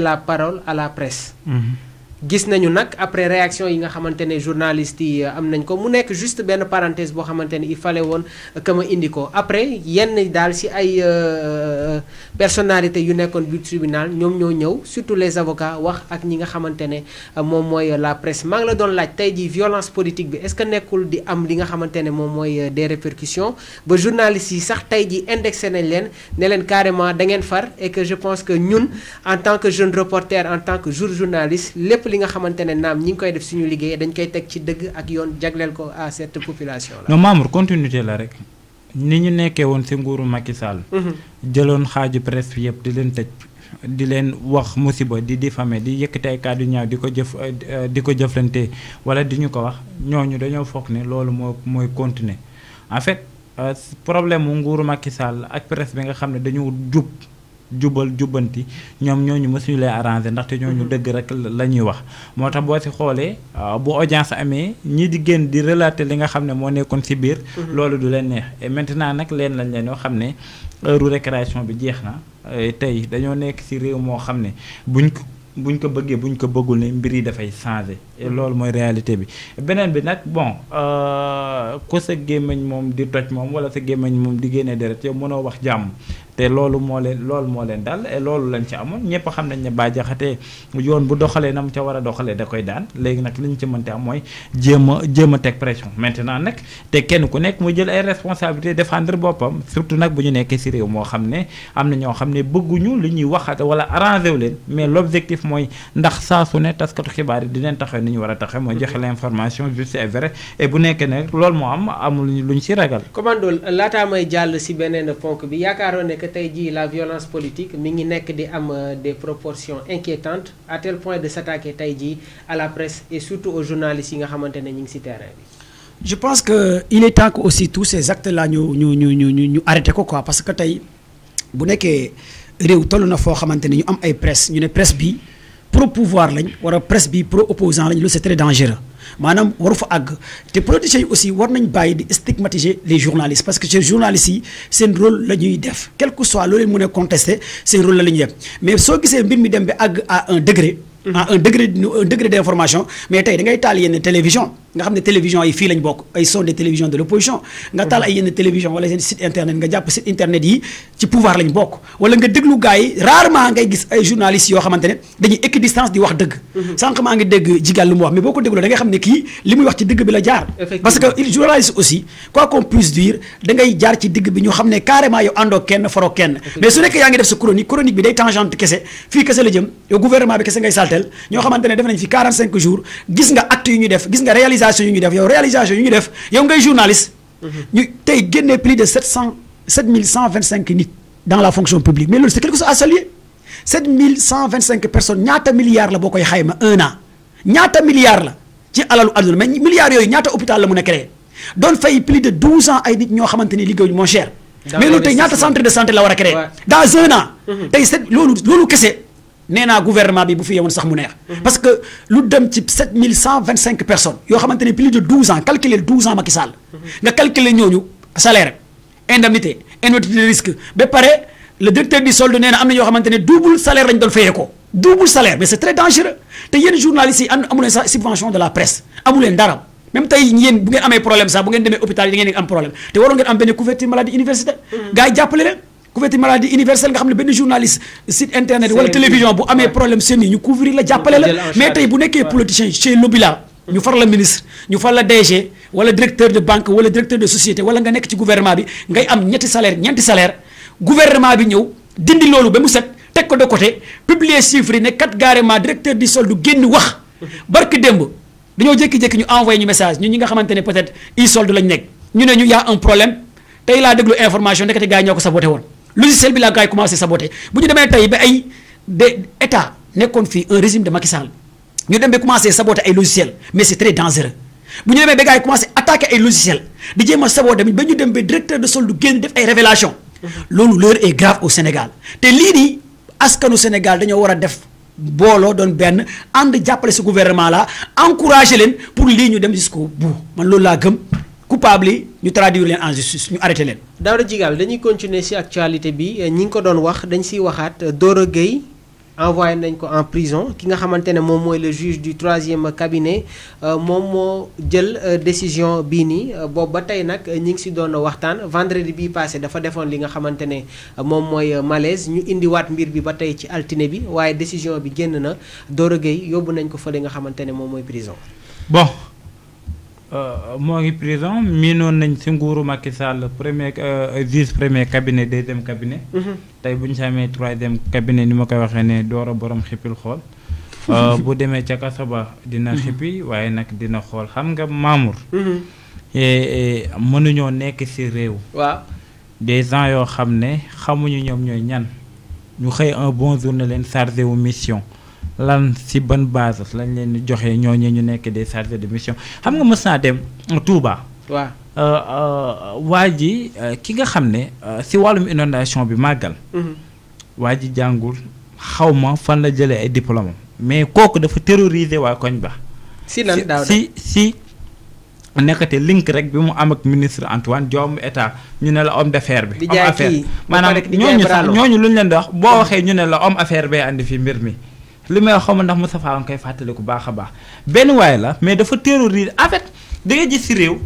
la parole a la presse. gis nañu nak après réaction yi nga xamantene journaliste journalistes yi am nañ ko mu nekk juste benn parenthèse boo xamantene il fallait woon que ma indi ko après yenn daal ci ay euh, personnalité yu nekkoon bi tribunal ñoom ñoo ñëw surtout les avocats wax ak ñi nga xamantene ne euh, moom mooy euh, la presse maa ngi la doon laaj tey jii violence politique bi est-ce que nekkul di am li nga xamantene ne moom mooy des répercussions ba journalistes yi sax tey jii indexé nañ leen ne leen carrément da ngeen far et que je pense que ñun en tant que jeune reporter en tant que jour journaliste lépp li nga xamante ne naam ñi ngi koy def suñu liggéey dañ koy teg ci dëgg ak yoon jagleel ko à cette population la. non membre continuité la rek ni ñu nekkee woon si nguuru Macky Sall. Mhm. jëloon xaaju presse yëpp di leen tëj. di leen wax musiba di diffamé di yëkkati ay kàddu ñaaw di ko jëf euh, di ko jëflante wala di ñu ko wax ñooñu dañoo foog ne loolu moo mooy continuer en fait euh, problème mu nguuru Macky Sall ak presse bi nga xam ne dañu jub. jubal jubbanti ñoom ñooñu mësuñu lay arrangé ndaxte ñooñu mhm. dëgg rek la ñuy wax moo tax boo si xoolee euh, bu audience amee ñii di génn di relater li nga xam ne moo nekkoon si biir mhm. loolu du leen neex maintenant nag leen lañ leen yoo xam ne heure récréation bi jeex na tey dañoo nekk si réew moo xam ne buñ ko buñ ko bëggee buñ ko bëggul ne mbir yi dafay changé mhm. loolu mooy réalité bi beneen bi nag bon euh, ku sa gémmiñ moom di toj moom wala sa gémmiñ moom di génnee deret yow mënoo wax jàmm te loolu moo leen loolu moo leen dal loolu lañ ci amoon ñëpp xam ne Bah Diakhaté yoon bu doxalee na mu ca war a doxalee da koy daan léegi nag li ñu ci mënti am mooy jéem a jéem a teg pression maintenant te kenn ku nekk muy jël ay responsabilité défendre boppam surtout nag bu ñu nekkee si réew moo xam ne am na ñoo xam ne bëgguñu li ñuy waxat wala arrangé wu leen mais l' objectif mooy ndax saa su ne taskatu xibaar yi dinañ taxaw ni ñu war a taxaw mooy joxe l' formation juste et vrai bu nekkee ne loolu moo am amul luñ si ragal. commando laataa jàll si beneen ponk que la violence politique mi ngi di am euh, des proportions inquiétantes à tel point de s'attaquer tay à la presse et surtout aux journalistes yi nga xamante ñi ngi ci terrain bi. je pense que il est temps que aussi tous ces actes là ñu ñu ñu ñu ñu arrêter ko quoi parce que tay bu nekké réew tollu na fo xamante ñu am ay presse ñu presse bi pro pouvoir lañ presse bi pro opposant c'est très dangereux. Madame waru Ag, tu te politiciens aussi war nañ bàyyi di stigmatiser les journalistes parce que les journalistes c'est un rôle lañuy def quel que soit lolé leen mën c'est contester un rôle lañuy def mais so que mbir mi dem bi ag à un degré. à un degré un degré mais tu da ngay taal télévision nga xam ne télévision yi fii lañ bokk ay sont de télévision de l'opposition nga tal ay yenn télévision wala seen site internet nga jàpp site internet yi ci pouvoir lañ bokk wala nga déglu gars yi rarement ngay gis ay journalistes yoo xamante ne dañuy équidistance di wax dëgg mhm. sànq maa ngi dégg jigal lu mu wax mais boo ko dégloo da ngay xam ne kii li muy wax ci dëgg bi la jaar parce que il journaliste aussi quoi qu'on puisse dire da ngay jaar ci digg bi ñu xam ne carrément yow àndoo kenn faroo kenn mais su nekkee yaa ngi def sa chronique chronique bi day tangente kese fii kese la jëm yow gouvernement bi kese ngay saltel ñoo xamante ne def nañ fi 45 jours gis nga acte yu ñu def gis nga réalisation réalisation yu def yow réalisation yu def yow ngay journaliste. Mhm. ñu tay génnee plus de 700 7125 nit dans la fonction publique mais loolu c'est quelque chose à saluer 7125 personnes ñaata milliards la bokoy xayma un an ñaata milliards la ci alalu àdduna mais milliards yoy ñaata hôpital la mun créer don fay plus de 12 ans ay nit ño xamante ni liggéeyuñu mon cher. mais loolu tay ñaata centre de santé la wara a créer. dans un an. Mhm. tay sept lolu loolu kese nee naa gouvernement bi bu fi yewoon sax mu neex. Mhm. parce que lu dem ci 7125 personnes yoo xamante ne plus de 12 ans calculer 12 ans Macky Sall. Mhm. nga calculer ñooñu salaire indemnité indemnité de risque ba pare le directeur du solde nee na am na xamante double salaire lañ doon double salaire mais c'est très dangereux te yéen journalistes yi am amu leen sax subvention de la presse amu leen dara même tey yéen bu ngeen amee problème sax bu ngeen demee hôpital yi da ngeen am problème te waroon ngeen am benn couverture maladie universitaire. Mhm. gars yi jàppale couverture maladie universelle nga xam ne journaliste site internet wala télévision bu amé problème semi ñu couvrir la jàppale la mais tay bu nekkee politicien chez lobby ñu far la ministre ñu far la DG wala directeur de banque wala directeur de société wala nga nekk ci gouvernement bi ngay am ñetti salaire ñeenti salaire gouvernement bi ñëw dindi lolu ba mu set teg ko de côté publier chiffre ne kat carrément directeur du solde génn wax barki démb dañu jékki-jékki ñu envoyer ñu message ñu ñi nga xamante peut-être i solde lañ nekk ñu ne ñu ya un problème tay la déglu information nekkati gars gaay ñoko saboté woon logiciel bi la gars yi commencé saboté bu ñu demee tey ba ay de état nekkoon fii un régime de Macky Sall ñu dem ba commencé saboté ay logiciel mais c' est très dangereux bu ñu commencé attaqué ay logiciel di jéem a saboté ba ñu dem ba directeur de solde génn def ay révélation mm-hmm. loolu l'heure ay grave au Sénégal te lii nii askanu Sénégal dañoo war a def booloo doon benn ànd jàppale ce gouvernement la encouragé leen pour lii ñu dem jusqu'au bout man loolu laa gëm coupable yi ñu traduire leen en justice ñu arrêter leen. Daouda digal dañuy continuer ci actualité bi ñing ko doon wax dañ ci waxat Doro envoyé nañ ko en prison ki nga xamantene mom moy le juge du troisième cabinet euh, mom mo jël euh, décision bi ni euh, boobu ba tey nag ñi ngi doon waxtaan vendredi bi passé dafa defon li nga xamantene ne moy malaise ñu indiwaat mbir bi ba tey ci altiné bi waye décision bi génn na Doro Gueye ko fele nga xamantene ne moy prison. bon. Euh, Moi, présent prison nañ premier euh, premier cabinet deuxième cabinet. Mhm. troisième cabinet ni ma waxé né borom xol Je mhm. euh, bu dina mhm. wayé dina xol xam nga Mamour. Eh, eh, nekk des gens yo xamné xamuñu un bon journal. len mission. lan si ban base lañ leen di joxee ñooñu ñu nekk des chargés de mission xam nga mës naa dem Touba. waaw euh, euh, waa ji euh, ki nga xam ne si wàllum inondation bi màggal. Mhm. waa ji jàngul xaw ma fan la jëlee ay diplôme mais kooku dafa terroriser waa koñ ba. si lan daaw si si nekkate link rek bi mu am ak ministre Antoine Diome état ñu ne la homme d'affaires bi. homme affaire maanaam ñooñu sax ñooñu lu ñu leen di wax boo waxee ñu ne la homme affaire bee andi fi mbir mi. li may wax xaw ndax Moustapha a ngi koy fàttali ku baax a baax benn waay la mais dafa terroriser en fait da ngay gis si réew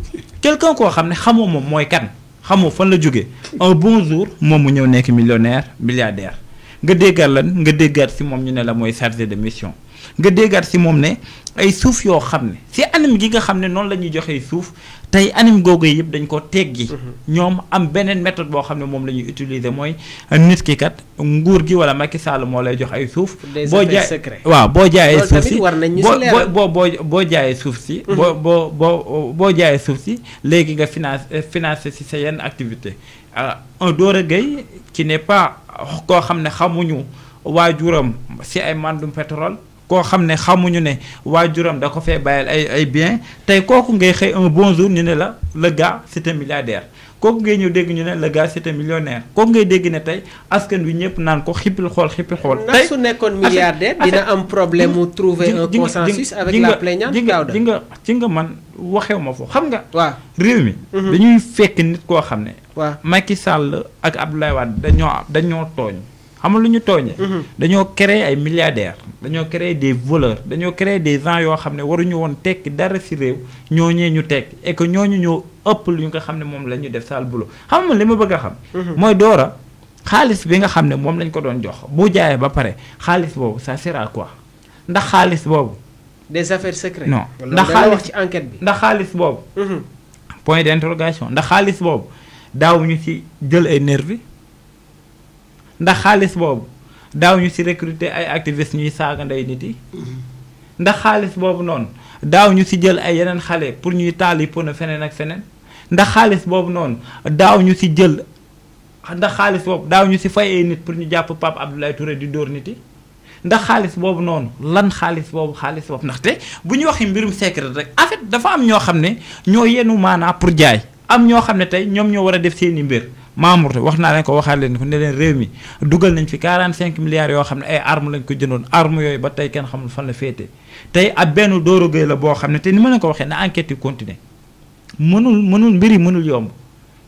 quelqu'un koo xam ne xamoo moom mooy kan xamoo fan la jógee un bon jour moom mu ñëw nekk millionnaire milliardaire nga déggal lan nga déggaat si moom ñu ne la mooy chargé de mission. nga déggaat si moom ne ay suuf yoo xam ne si anam gi nga xam ne noonu la ñuy joxee suuf tey anam googu yëpp dañ ko teggi mhm. ñoom am beneen méthode boo xam ne moom la ñuy utiliser mooy nit ki kat nguur gi wala Macky Sall moo lay jox ay suuf. boo jaay waaw boo jaayee suuf si boo boo boo jaayee suuf si. Mhm. boo boo boo boo jaayee suuf si léegi nga financé eh, financé si sa yenn activité euh, un Dora Gueye qui n'est pas koo xam ne xamuñu waajuram si ay mandum pétrole. ko xam xamuñu ne wajuram da ko fee bayal ay ay bien tay koku ngay xey un bon jour ñu ne la le gars c'est un milliardaire kooku ngay ñëw dégg ñu ne le gars c'est un millionnaire kooku ngay dégg ne tay askan wi ñëpp naan ko xippil xol xippil xol tay su nekkoon milliardaire dina am problème trouver un consensus avec la plaignante ji nga ci nga man waxew ma fo xam nga. waaw réew mi. Mhm. dañuy fekk nit ko xam wa Macky Sall ak Abdoulaye Wade dañoo dañoo togn xam lu ñu tooñe mhm. dañoo créer ay milliardaires dañoo créer des voleurs dañoo créer des gens yoo xam ne waruñu woon tekki dara ci réew ñooñee ñu tekki et que ñooñu ñoo ëpp lu ñu nga xam ne moom la ñu def saal boulot xam nga li ma bëgg a xam. Mhm. mooy Dora xaalis bi nga xam ne moom lañ ko doon jox bu jaayee ba pare xaalis boobu ça sert à ndax xaalis boobu. des affaires secrètes. non ndax xaalis enquête bi. ndax xaalis boobu. Mhm. point d'interrogation ndax xaalis boobu daaw ñu ci jël ay nervi ndax xaalis boobu daaw ñu ci recruter ay activistes ñuy saaga nit yi ndax xaalis boobu noonu daaw ñu ci jël ay yeneen xale pour ñuy taal yi pono feneen ak feneen ndax xaalis boobu noonu daaw ñu ci jël ndax xaalis boobu daaw ñu ci fay ay nit pour ñu jàpp Pape Abdoulaye Touré di dóor nit yi ndax xaalis boobu noonu lan xaalis boobu xaalis boobu ndaxte bu ñu waxee mbirum secret rek en dafa am ñoo xam ne ñoo yenu maanaa pour jaay am ñoo xam ne tey ñoom ñoo war a def seeni mbir membre te wax naa leen ko waxaat leen ko ne leen réew mi dugal nañ fi 45 milliards yoo xam ne ay armes lañ ko jëndoon armes yooyu ba tey kenn xamul fan la féete tey ab benn Doro géey la boo xam ne te ni ma leen ko waxee na enquête yi continuer mënul mënul mbiri mënul yomb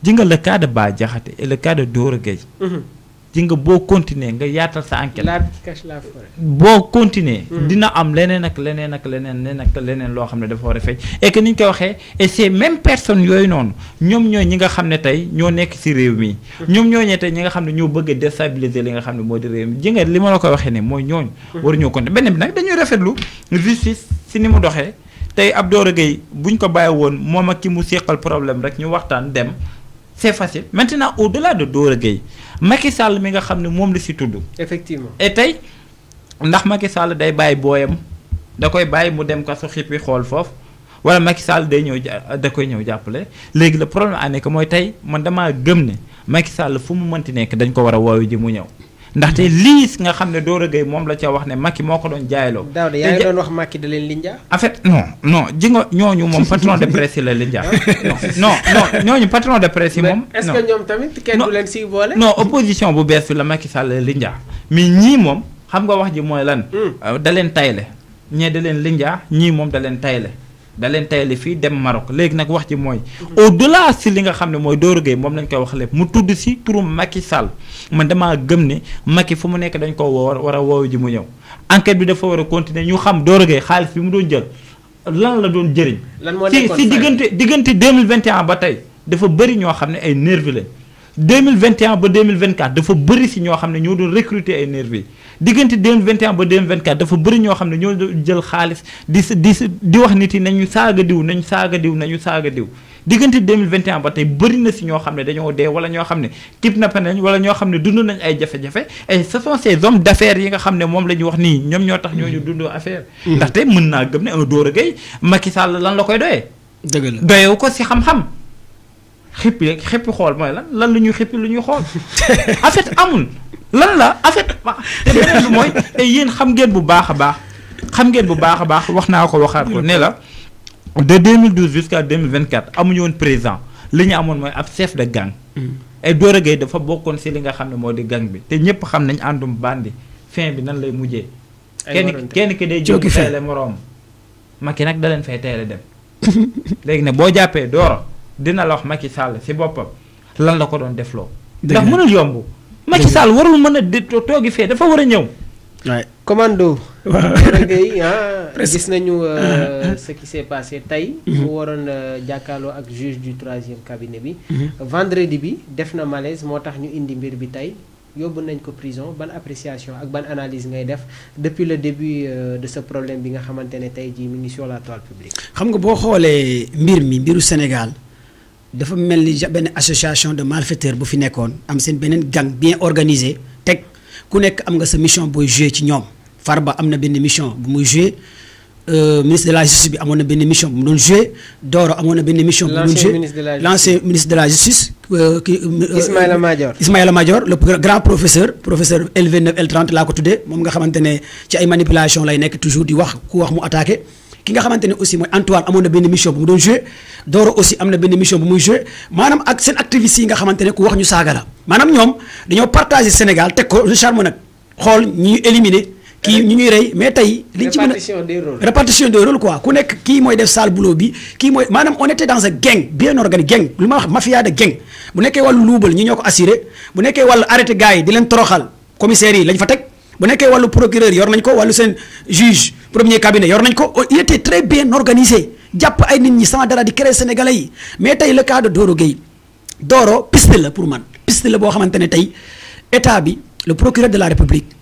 jëngal nga le cas de Bah Diakhaté le cas de Doro Gueye mhm. di nga boo continuer nga yaatal sa enquête. l'arbre la boo continuer hmm. dina am leneen ak leneen ak leneen leneen ak leneen loo xam ne dafa war a feeñ et ni ñu koy waxee et ces mêmes yooyu noonu ñoom ñooy ñi nga xam ne tey ñoo nekk ci réew mi. Hmm. ñoom ñoo ñee tey ñi nga xam ne ñoo bëgg a li nga xam ne moo di réew mi ji li ma la koy waxee ne mooy ñooñu. Hmm. waruñoo continuer beneen bi nag dañuy rafetlu justice ci ni mu doxee tey Abdou Gueye buñ ko bàyyi woon moom ak ki mu seqal problème rek ñu waxtaan dem. c'est facile maintenant au-delà de a Gueye Macky Sall mi nga xam ne moom la si tudd. effectivement et tey ndax Macky sàll day bàyyi booyam da koy bàyyi mu dem kaso xippi xool foofu wala Macky Sall day ñëw da koy ñëw jàppale léegi le problème à nekk mooy tey man damaa gëm ne Macky Sall fu mu mënti nekk dañ ko war a woowu ji mu ñëw. ndaxte lii nga xam ne Doro Gueye moom la ca wax ne Macky moo ko doon jaayloo. daaw de yaa ngi doon wax Macky da leen linja. en fait non non ji nga ñooñu moom patron de presse yi la linja. non non ñooñu patron de presse yi moom. ñoom tamit kenn si boole. non opposition bu bees bi la Macky Sall linja mais ñii moom xam nga wax ji mooy lan. Hmm. Euh, da leen tayle ñee da leen linja ñii moom da leen tayle. dalen leen tayale fii dem Maroc leg nak wax ci moy au delà ci li nga xamne moy mooy Doro mom lañ koy wax lépp mu tudd ci turu Macky Sall man dama gëm ne Macky fu mu nek dañ ko woo wara a ji mu ñëw enquête bi dafa wara continuer ñu xam Doro Gueye xaalis bi mu doon jël lan la doon jëriñ. lan moo nekkoon si si diggante 2021 ba tay dafa bari ño xamne ay nervi lañ. 2021 ba 2024 dafa bëri si ñoo xam ne ñoo doon recruter ay nervi diggante 2021 ba 2024 dafa bëri ñoo xam ne ñoo doon jël xaalis di di di wax nit yi nañu saaga diw nañu saaga diw nañu saaga diw diggante 2021 ba tey bëri na si ñoo xam ne dañoo dee wala ñoo xam ne kidnappé nañ wala ñoo xam ne dund nañ ay jafe-jafe et ce sont ces hommes d'affaires yi nga xam ne moom la ñu wax nii ñoom ñoo tax ñooñu dundoo affaire mm-hmm. ndaxte mën naa gëm ne un Doro gay Macky Sall lan la koy doyee dëgg la doyewu ko si xam-xam xippi yeeg xippi xool mooy lan lan la ñuy xippi lu ñuy xool en amul lan la afet ba te beneen bi mooy te yéen xam ngeen bu baax a baax xam ngeen bu baax a baax wax naa ko waxaat ko ne la de 2012 jusqu'à 2024 amuñu woon président li ñu amoon mooy ab chef de gang ay mm. Doro Gueye dafa bokkoon si li nga xam ne moo di gang bi te ñëpp xam nañ àndum bandi fin bi nan lay mujjee kenn kenn ki day jóg teele moroom Macky nag da leen fay teele dem léegi ne boo jàppee Doro dina la wax Macky Sall si boppam lan la ko doon defloo. ndax mënul yomb. Macky Sall warul mën a di toogi fee dafa war a ñëw. waay commando. Ah, gis nañu euh, ce qui s'est passé tey. Mhm. mu waroon euh, jàkkaarloo ak juge du troisième cabinet bi. Mhm. vendredi bi def na malaise moo tax ñu indi mbir bi tey yóbbu nañ ko prison ban appréciation ak ban analyse ngay def depuis le début euh, de ce problème bi nga xamante ne tey jii mu ngi sur la toile publique. xam nga boo xoolee mbir mi mbiru Sénégal dafa mel ni benn association de malfaiteurs bu fi nekkoon am seen beneen gang bien organisé teg ku nekk am nga sa mission booy jouer, ci ñoom Farba am na benn mission bu muy joué euh, ministre de la justice bi amoon na mission bu jouer. doon joué Doro amoon na mission. bu jouer. doon l'ancien ministre de la justice. Euh, Ismaël euh, Ismaïla Madior Ismaïla Madior le grand professeur professeur L29 L30 laa ko tuddee moom nga xamante ne ci ay manipulation lay nekk toujours di wax ku wax mu attaqué. ki nga xamante aussi mooy Antoine amoon na benn mission bu mu doon joué Doro aussi am na benn mission bu muy joué maanaam ak seen activistes nga xamante ne ku wax ñu saaga la maanaam ñoom dañoo partagé Sénégal teg ko charme nag xool ñuy éliminer kii ñu ñuy rey mais tey liñ ci répartition des rôles quoi ku nekk kii mooy def sale boulot bi kii mooy maanaam on était dans un gang bien organisé gang lu ma wax mafia gang bu nekkee wàllu luubal ñi ñoo ko assuré bu nekkee gars yi di leen toroxal commissaires yi lañ fa teg bu que le procureur yor nañ ko walu sen juge premier cabinet yor oh, il était très bien organisé japp ay nit ñi sans dara di créer sénégalais mais tay le cas de Doro Gueye Doro piste la pour man piste la bo xamante tay état bi le procureur de la république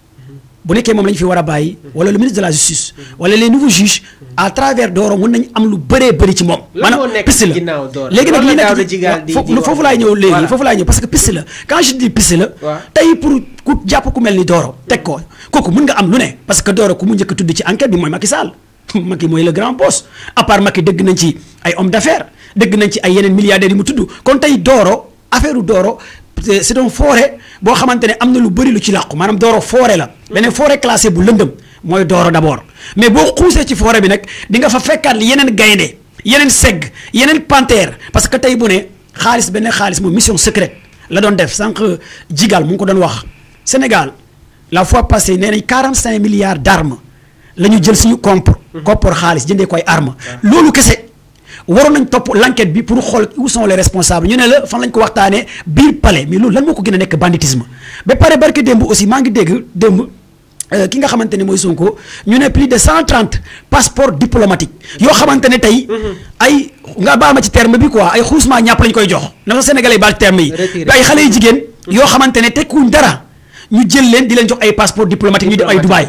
bu nekkee moom la ñu fi war a bàyyi wala le ministre de la justice wala les nouveaux juges à travers Doro mën nañu am lu bëree bëri ci moom. maanaam piste la léegi nag li nekk foofu laay ñëw léegi foofu laay ñëw parce que piste la quand je dis piste la. tey pour ku jàpp ku mel ni dooro teg ko kooku mën nga am lu ne parce que Doro ku mu njëkk tudd ci enquête bi mooy Macky Sall Macky mooy le grand boss à part Macky dégg nañ ci ay hommes d'affaires dégg nañ ci ay yeneen milliardaires yi mu tudd kon tey Doro affaire Doro Euh, c'est un forêt bo xamantene ne lu lu ci manam doro forêt la mm. forêt classée bu lendeum moy doro d'abord mais bo xuusee ci forêt bi nak di nga fa fekkat yenen gaynde yenen panthère parce que tay bu ne khalis mission secrète la don def sank euh, jigal mu ko don wax Sénégal la fois passée y 45 milliards d'armes. armes la ñu jël suñu compre mm-hmm. koy waroon nañ topp l'enquête bi pour xool où sont les responsables ñu ne la fan lañ ko waxtaanee biir palais mais loolu lan moo ko gën nekk banditisme ba pare barke démb aussi maa ngi dégg démb euh, ki nga xamante ne mooy Sonko ñu ne plus de cent trente passeport diplomatique yoo xamante ne tey. Mhm. ay nga baal ma ci terme bi quoi ay xuusmaa ñàpp lañ koy jox na ko Sénégalais baal terme yi. ay xale yu jigéen. Mhm. yoo xamante ne dara ñu jël leen di leen jox ay passeport diplomatique ñu dem ay Dubaï.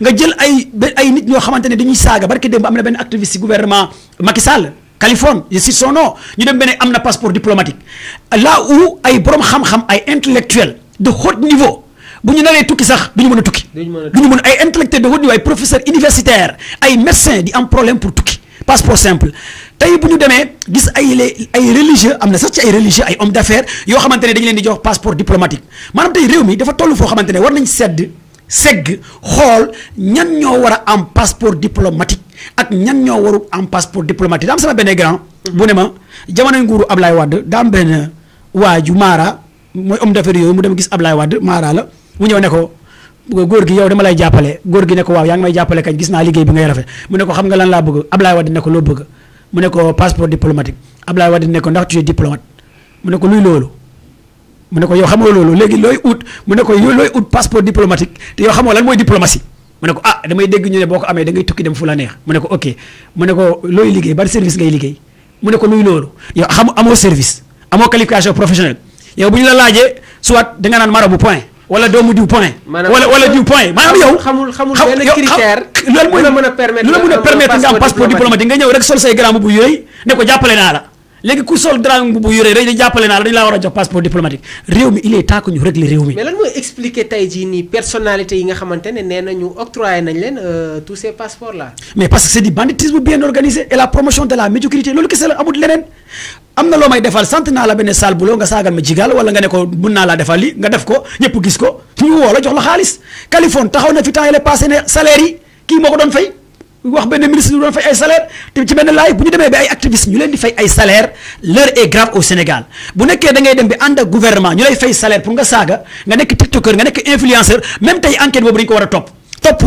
nga jël ay ay nit ñoo xamante ne dañuy saaga barke démb am na benn activiste gouvernement Macky Sall. Californie je cite son nom ñu dem beneen am passeport diplomatique là où ay borom xam-xam ay intellectuels de haut niveau bu ñu naree tukki sax du ñu tout a tukki. du ñu ay intellectuels de haut niveau ay professeurs universitaires ay médecins di am problème pour tukki passeport simple. tey bu ñu demee gis ay ay religieux am sax ci ay religieux ay hommes d'affaires yoo xamante ne leen di jox passeport diplomatique maanaam tey réew mi dafa toll foo xamante ne war nañ sedd segg ñan ñoo a am passeport diplomatique. ak ñan ñoo waru am passeport diplomatique daa am sama benn grand. bu ne ma jamono nguuru Ablaye Wade daa am benn waaju Mara mooy homme d'affaires yooyu mu dem gis Ablaye Wade Mara la mu ñëw ne ko góor gi yow dama lay jàppale góor gi ne ko waaw yaa ngi may jàppale kañ gis naa liggéey bi ngay rafet mu ne ko xam nga lan laa bëgg Ablaye Wade ne ko loo bëgg mu ne ko passeport diplomatique Ablaye Wade ne ko ndax tu es mu ne ko luy loolu. mu loolu léegi looy mu ne ko yow looy ut passeport diplomatique te yow xamoo mooy diplomatie. mu ne ko ah damay dégg ñu ne boo ko amee da ngay tukki dem fu la neex mu ne ko ok mu ne looy liggéey ban service ngay liggéey mu ne luy loolu yow xam amoo service amoo qualification professionnelle yow bu ñu la laajee soit da nga naan marabu point wala doomu diw point. wala diw point maanaam yow. lu la mën a permettre nga am passeport diplomatique nga ñëw rek sol say bu yooyu ne jàppale naa la. léegi ku sol grand bu yore rek dañu jàppale naa la dañu laa war a jox passeport diplomatique réew mi il est temps que ñu régler réew mi. mais lan mooy expliquer tey jii nii personnalité yi nga xamante ne nee nañu octroyé nañ leen euh, tous ces passeports là. mais parce que c' est banditisme bien organisé et la promotion de la médiocrité loolu kese la amut leneen am na loo may defal sant naa la benn saal buloo nga saagal ma jigaal wala nga ne ko mun naa laa defal li nga ko ñëpp gis ko ñu woo la xaalis Kaliphone taxaw na fi temps yële passé ne kii moo ko doon fay. wax benn ministre ñu doon fay ay salaire te ci benn laay bu ñu demee ba ay activistes ñu leen di fay ay salaire l'heure est grave au Sénégal bu nekkee da ngay dem bi ànd ak gouvernement ñu lay fay salaire pour nga saaga nga nekk tiktoker nga nekk influenceur même tey enquête boobu dañu ko war a topp topp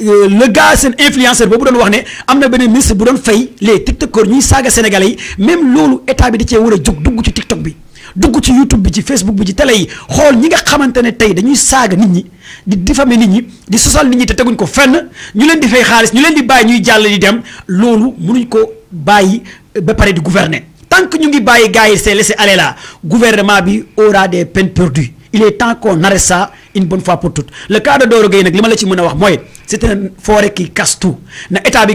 euh, le gars seen influenceur boobu doon wax ne am na benn ministre bu doon fay les tiktokers ñuy saaga sénégalais yi même loolu état bi di cee war a jóg dugg ci tiktok bi dugg ci YouTube bi Facebook bi ci télé yi xool ñi nga xamantene Des tey dañuy saaga nit ñi di diffamer nit ñi di sosal nit ñi te teguñ ko fenn ñu leen di fay xaalis ñu leen di bàyyi ñuy jàll di dem loolu mënuñ euh, di gouverner tant que ñu ngi bàyyi gars yi laissé aller là gouvernement bi aura des peines perdues il est temps qu'on arrête ça une bonne fois pour toutes le cas de Doro c'est un forêt qui casse tout na état bi